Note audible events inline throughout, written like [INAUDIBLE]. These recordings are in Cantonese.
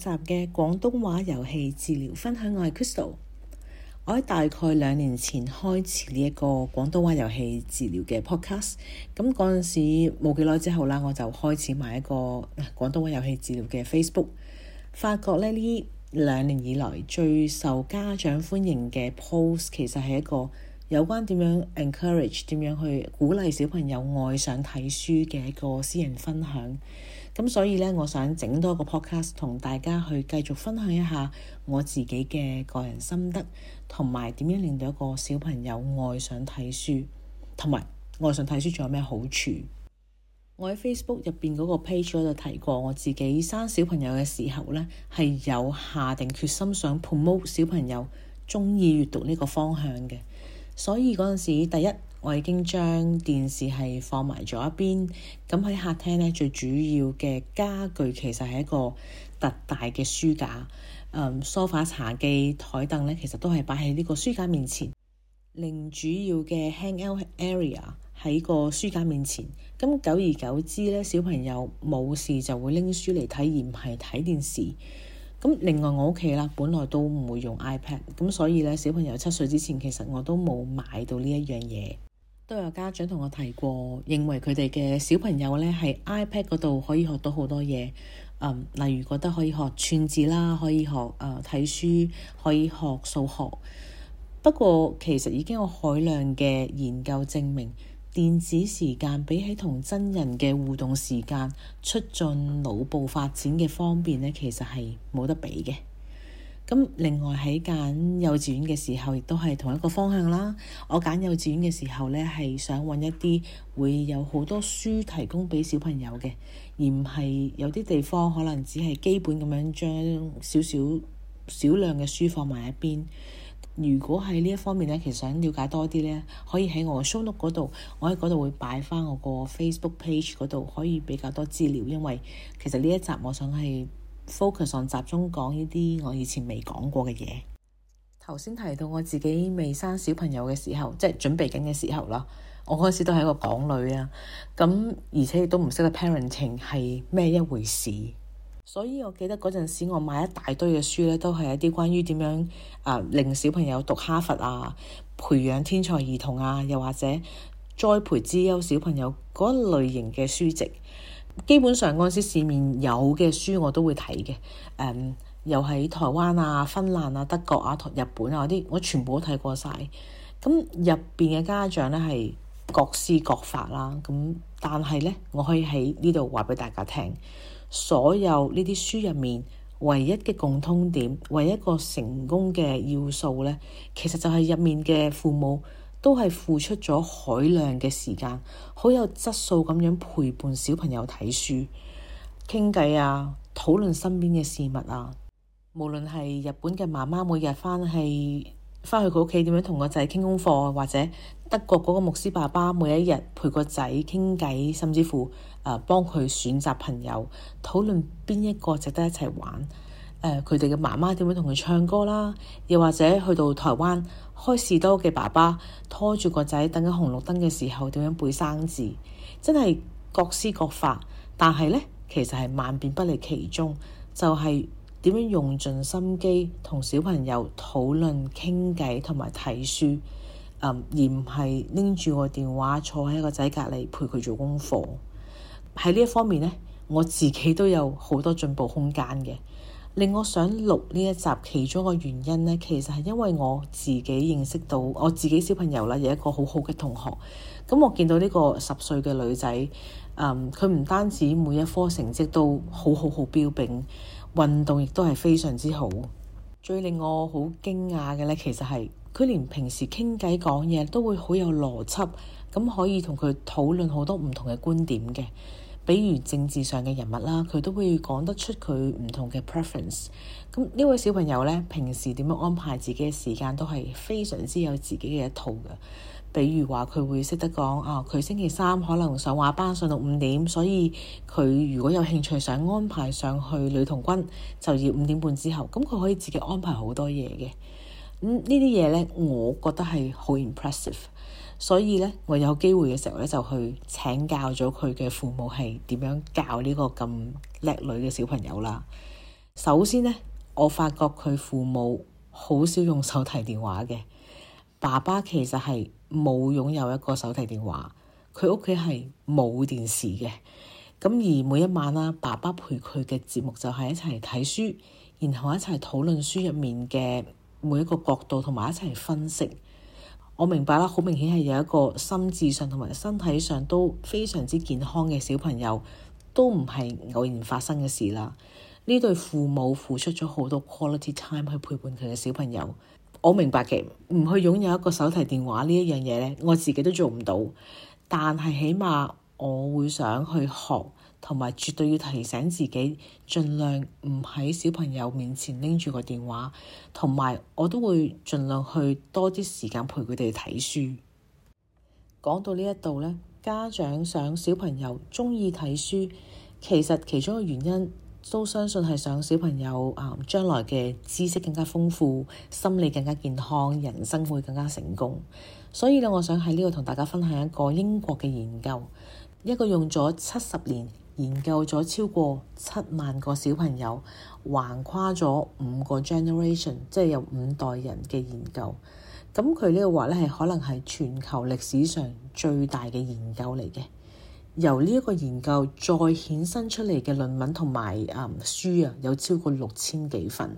集嘅廣東話遊戲治療分享，我係 Christal。我喺大概兩年前開始呢一個廣東話遊戲治療嘅 podcast。咁嗰陣時冇幾耐之後啦，我就開始埋一個廣東話遊戲治療嘅 Facebook，發覺咧呢兩年以來最受家長歡迎嘅 post，其實係一個有關點樣 encourage 點樣去鼓勵小朋友愛上睇書嘅一個私人分享。咁所以咧，我想整多個 podcast 同大家去繼續分享一下我自己嘅個人心得，同埋點樣令到一個小朋友愛上睇書，同埋愛上睇書仲有咩好處？我喺 Facebook 入邊嗰個 page 度提過，我自己生小朋友嘅時候咧，係有下定決心想 promote 小朋友鍾意閱讀呢個方向嘅，所以嗰陣時第一，我已經將電視係放埋咗一邊，咁喺客廳咧，最主要嘅家具其實係一個特大嘅書架，嗯，梳化、茶几、台凳咧，其實都係擺喺呢個書架面前。另主要嘅 hang out area 喺個書架面前。咁久而久之咧，小朋友冇事就會拎書嚟睇，而唔係睇電視。咁另外我屋企啦，本來都唔會用 iPad，咁所以咧，小朋友七歲之前其實我都冇買到呢一樣嘢。都有家長同我提過，認為佢哋嘅小朋友咧，喺 iPad 嗰度可以學到好多嘢。嗯，例如覺得可以學串字啦，可以學誒睇、呃、書，可以學數學。不過，其實已經有海量嘅研究證明，電子時間比起同真人嘅互動時間，促進腦部發展嘅方面咧，其實係冇得比嘅。咁另外喺揀幼稚園嘅時候，亦都係同一個方向啦。我揀幼稚園嘅時候呢，係想揾一啲會有好多書提供畀小朋友嘅，而唔係有啲地方可能只係基本咁樣將少少少量嘅書放埋一邊。如果喺呢一方面呢，其實想了解多啲呢，可以喺我個 show note 嗰度，我喺嗰度會擺翻我個 Facebook page 嗰度，可以比較多資料。因為其實呢一集我想係。Focus on 集中講呢啲我以前未講過嘅嘢。頭先提到我自己未生小朋友嘅時候，即係準備緊嘅時候啦，我嗰陣時都係一個港女啊，咁而且亦都唔識得 parenting 係咩一回事，所以我記得嗰陣時我買一大堆嘅書呢都係一啲關於點樣啊、呃、令小朋友讀哈佛啊，培養天才兒童啊，又或者栽培資優小朋友嗰類型嘅書籍。基本上嗰陣時市面有嘅書我都會睇嘅，誒、嗯，又喺台灣啊、芬蘭啊、德國啊、同日本啊嗰啲，我全部都睇過晒。咁入邊嘅家長呢係各施各法啦、啊，咁但係呢，我可以喺呢度話俾大家聽，所有呢啲書入面唯一嘅共通點，唯一一個成功嘅要素呢，其實就係入面嘅父母。都係付出咗海量嘅時間，好有質素咁樣陪伴小朋友睇書、傾偈啊，討論身邊嘅事物啊。無論係日本嘅媽媽，每日翻去翻去佢屋企點樣同個仔傾功課，或者德國嗰個牧師爸爸，每一日陪個仔傾偈，甚至乎誒、啊、幫佢選擇朋友，討論邊一個值得一齊玩。誒，佢哋嘅媽媽點樣同佢唱歌啦，又或者去到台灣開士多嘅爸爸拖住個仔，等緊紅綠燈嘅時候點樣背生字，真係各施各法。但係咧，其實係萬變不離其宗，就係、是、點樣用盡心機同小朋友討論傾偈，同埋睇書。呃、而唔係拎住個電話坐喺個仔隔離陪佢做功課。喺呢一方面咧，我自己都有好多進步空間嘅。令我想錄呢一集其中嘅原因呢，其實係因為我自己認識到我自己小朋友啦，有一個好好嘅同學。咁我見到呢個十歲嘅女仔，嗯，佢唔單止每一科成績都好好好彪炳，運動亦都係非常之好。最令我好驚訝嘅呢，其實係佢連平時傾偈講嘢都會好有邏輯，咁可以同佢討論好多唔同嘅觀點嘅。比如政治上嘅人物啦，佢都會講得出佢唔同嘅 preference。咁呢位小朋友咧，平時點樣安排自己嘅時間都係非常之有自己嘅一套嘅。比如話，佢會識得講啊，佢星期三可能上畫班上到五點，所以佢如果有興趣想安排上去女童軍，就要五點半之後，咁佢可以自己安排好多嘢嘅。咁、嗯、呢啲嘢咧，我覺得係好 impressive。所以咧，我有機會嘅時候咧，就去請教咗佢嘅父母係點樣教呢個咁叻女嘅小朋友啦。首先咧，我發覺佢父母好少用手提電話嘅。爸爸其實係冇擁有一個手提電話，佢屋企係冇電視嘅。咁而每一晚啦，爸爸陪佢嘅節目就係一齊睇書，然後一齊討論書入面嘅每一個角度，同埋一齊分析。我明白啦，好明顯係有一個心智上同埋身體上都非常之健康嘅小朋友，都唔係偶然發生嘅事啦。呢對父母付出咗好多 quality time 去陪伴佢嘅小朋友，我明白嘅。唔去擁有一個手提電話呢一樣嘢咧，我自己都做唔到，但係起碼我會想去學。同埋，絕對要提醒自己，盡量唔喺小朋友面前拎住個電話。同埋，我都會盡量去多啲時間陪佢哋睇書。講到呢一度呢，家長想小朋友中意睇書，其實其中嘅原因都相信係想小朋友啊，將來嘅知識更加豐富，心理更加健康，人生會更加成功。所以呢，我想喺呢度同大家分享一個英國嘅研究，一個用咗七十年。研究咗超過七萬個小朋友，橫跨咗五個 generation，即係有五代人嘅研究。咁佢呢個話咧，係可能係全球歷史上最大嘅研究嚟嘅。由呢一個研究再衍生出嚟嘅論文同埋啊書啊，有超過六千幾份。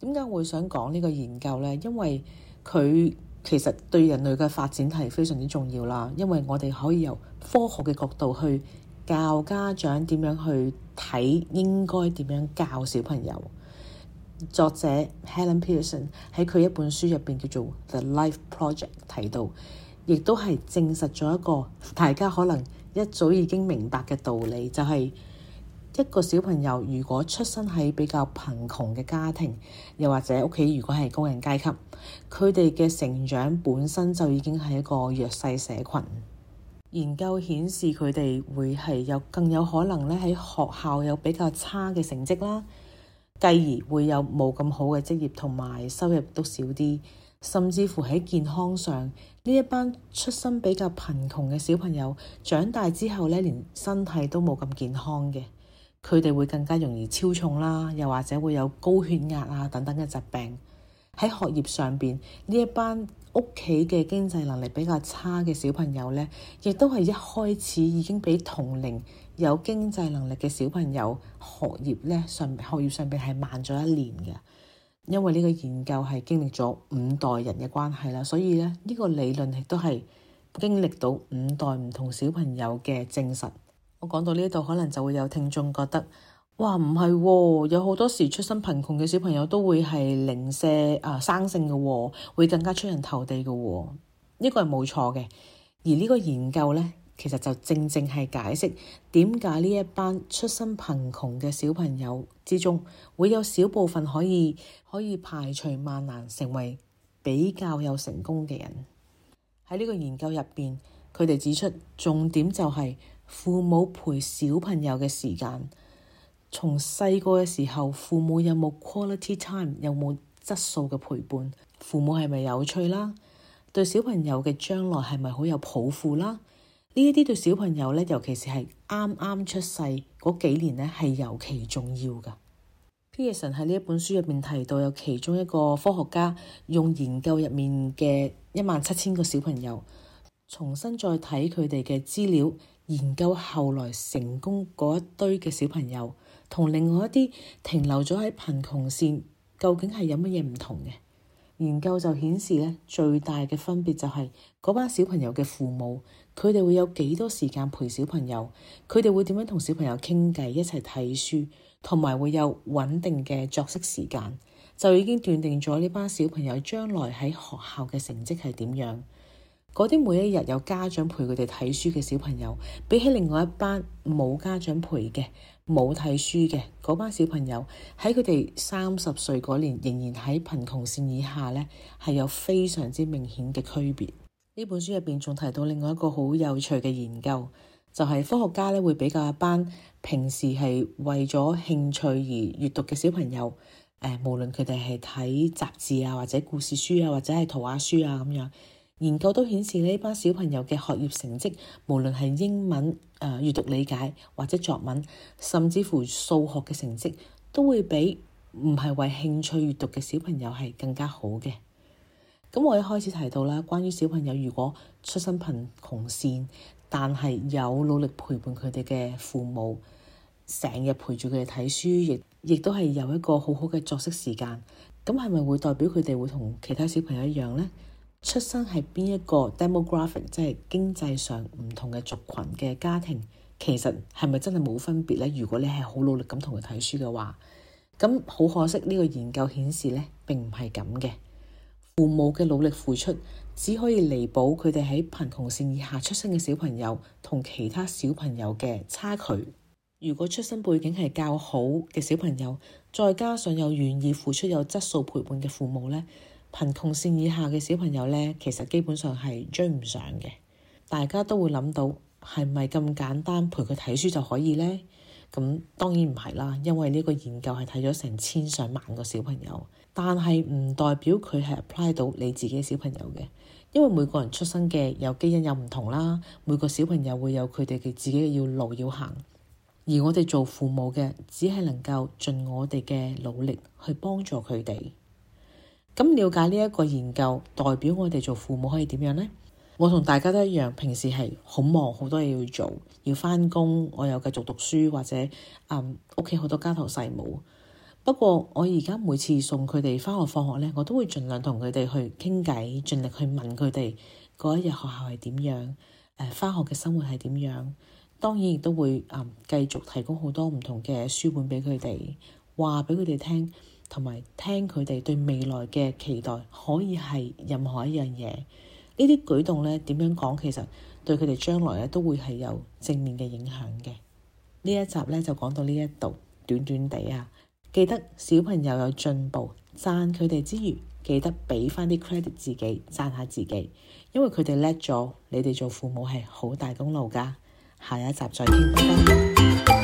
點解會想講呢個研究咧？因為佢其實對人類嘅發展係非常之重要啦。因為我哋可以由科學嘅角度去。教家長點樣去睇，應該點樣教小朋友。作者 Helen Pearson 喺佢一本書入邊叫做《The Life Project》提到，亦都係證實咗一個大家可能一早已經明白嘅道理，就係一個小朋友如果出生喺比較貧窮嘅家庭，又或者屋企如果係工人階級，佢哋嘅成長本身就已經係一個弱勢社群。研究顯示佢哋會係有更有可能咧喺學校有比較差嘅成績啦，繼而會有冇咁好嘅職業同埋收入都少啲，甚至乎喺健康上。呢一班出身比較貧窮嘅小朋友長大之後咧，連身體都冇咁健康嘅，佢哋會更加容易超重啦，又或者會有高血壓啊等等嘅疾病。喺學業上面呢一班。屋企嘅經濟能力比較差嘅小朋友呢，亦都係一開始已經比同齡有經濟能力嘅小朋友學業咧上學業上面係慢咗一年嘅。因為呢個研究係經歷咗五代人嘅關係啦，所以咧呢、呢個理論亦都係經歷到五代唔同小朋友嘅證實。我講到呢度，可能就會有聽眾覺得。哇，唔係喎，有好多時出身貧窮嘅小朋友都會係零舍啊生性嘅喎，哦，會更加出人頭地嘅喎，哦，呢、這個係冇錯嘅。而呢個研究咧，其實就正正係解釋點解呢一班出身貧窮嘅小朋友之中，會有少部分可以可以排除萬難，成為比較有成功嘅人。喺呢個研究入邊，佢哋指出重點就係父母陪小朋友嘅時間。從細個嘅時候，父母有冇 quality time，有冇質素嘅陪伴？父母係咪有趣啦？對小朋友嘅將來係咪好有抱負啦？呢一啲對小朋友咧，尤其是係啱啱出世嗰幾年咧，係尤其重要噶。Pearson 喺呢一本書入面提到，有其中一個科學家用研究入面嘅一萬七千個小朋友，重新再睇佢哋嘅資料，研究後來成功嗰一堆嘅小朋友。同另外一啲停留咗喺貧窮綫，究竟係有乜嘢唔同嘅，研究就顯示咧，最大嘅分別就係嗰班小朋友嘅父母，佢哋會有幾多時間陪小朋友，佢哋會點樣同小朋友傾偈，一齊睇書，同埋會有穩定嘅作息時間，就已經斷定咗呢班小朋友將來喺學校嘅成績係點樣。嗰啲每一日有家長陪佢哋睇書嘅小朋友，比起另外一班冇家長陪嘅。冇睇書嘅嗰班小朋友喺佢哋三十歲嗰年仍然喺貧窮線以下呢，係有非常之明顯嘅區別。呢本書入邊仲提到另外一個好有趣嘅研究，就係科學家咧會比較一班平時係為咗興趣而閱讀嘅小朋友，誒、呃、無論佢哋係睇雜誌啊，或者故事書啊，或者係圖畫書啊咁樣。研究都顯示呢班小朋友嘅學業成績，無論係英文、誒、呃、閱讀理解或者作文，甚至乎數學嘅成績，都會比唔係為興趣閱讀嘅小朋友係更加好嘅。咁我一開始提到啦，關於小朋友如果出身貧窮線，但係有努力陪伴佢哋嘅父母，成日陪住佢哋睇書，亦亦都係有一個好好嘅作息時間，咁係咪會代表佢哋會同其他小朋友一樣咧？出生係邊一個 demographic，即係經濟上唔同嘅族群嘅家庭，其實係咪真係冇分別呢？如果你係好努力咁同佢睇書嘅話，咁好可惜，呢個研究顯示呢，並唔係咁嘅。父母嘅努力付出，只可以彌補佢哋喺貧窮線以下出生嘅小朋友同其他小朋友嘅差距。如果出生背景係較好嘅小朋友，再加上又願意付出、有質素陪伴嘅父母呢。貧窮線以下嘅小朋友呢，其實基本上係追唔上嘅。大家都會諗到係咪咁簡單陪佢睇書就可以呢？咁、嗯、當然唔係啦，因為呢個研究係睇咗成千上萬個小朋友，但係唔代表佢係 apply 到你自己嘅小朋友嘅，因為每個人出生嘅有基因有唔同啦，每個小朋友會有佢哋嘅自己嘅要路要行，而我哋做父母嘅只係能夠盡我哋嘅努力去幫助佢哋。咁了解呢一個研究，代表我哋做父母可以點樣呢？我同大家都一樣，平時係好忙，好多嘢要做，要翻工，我又繼續讀書或者啊，屋企好多家頭細務。不過我而家每次送佢哋翻學放學呢，我都會盡量同佢哋去傾偈，盡力去問佢哋嗰一日學校係點樣，誒、呃、翻學嘅生活係點樣。當然亦都會啊、嗯、繼續提供好多唔同嘅書本俾佢哋，話俾佢哋聽。同埋聽佢哋對未來嘅期待，可以係任何一樣嘢。呢啲舉動咧，點樣講其實對佢哋將來咧都會係有正面嘅影響嘅。呢一集咧就講到呢一度，短短地啊，記得小朋友有進步，讚佢哋之餘，記得俾翻啲 credit 自己，讚下自己，因為佢哋叻咗，你哋做父母係好大功勞㗎。下一集再傾。拜拜。 [MUSIC]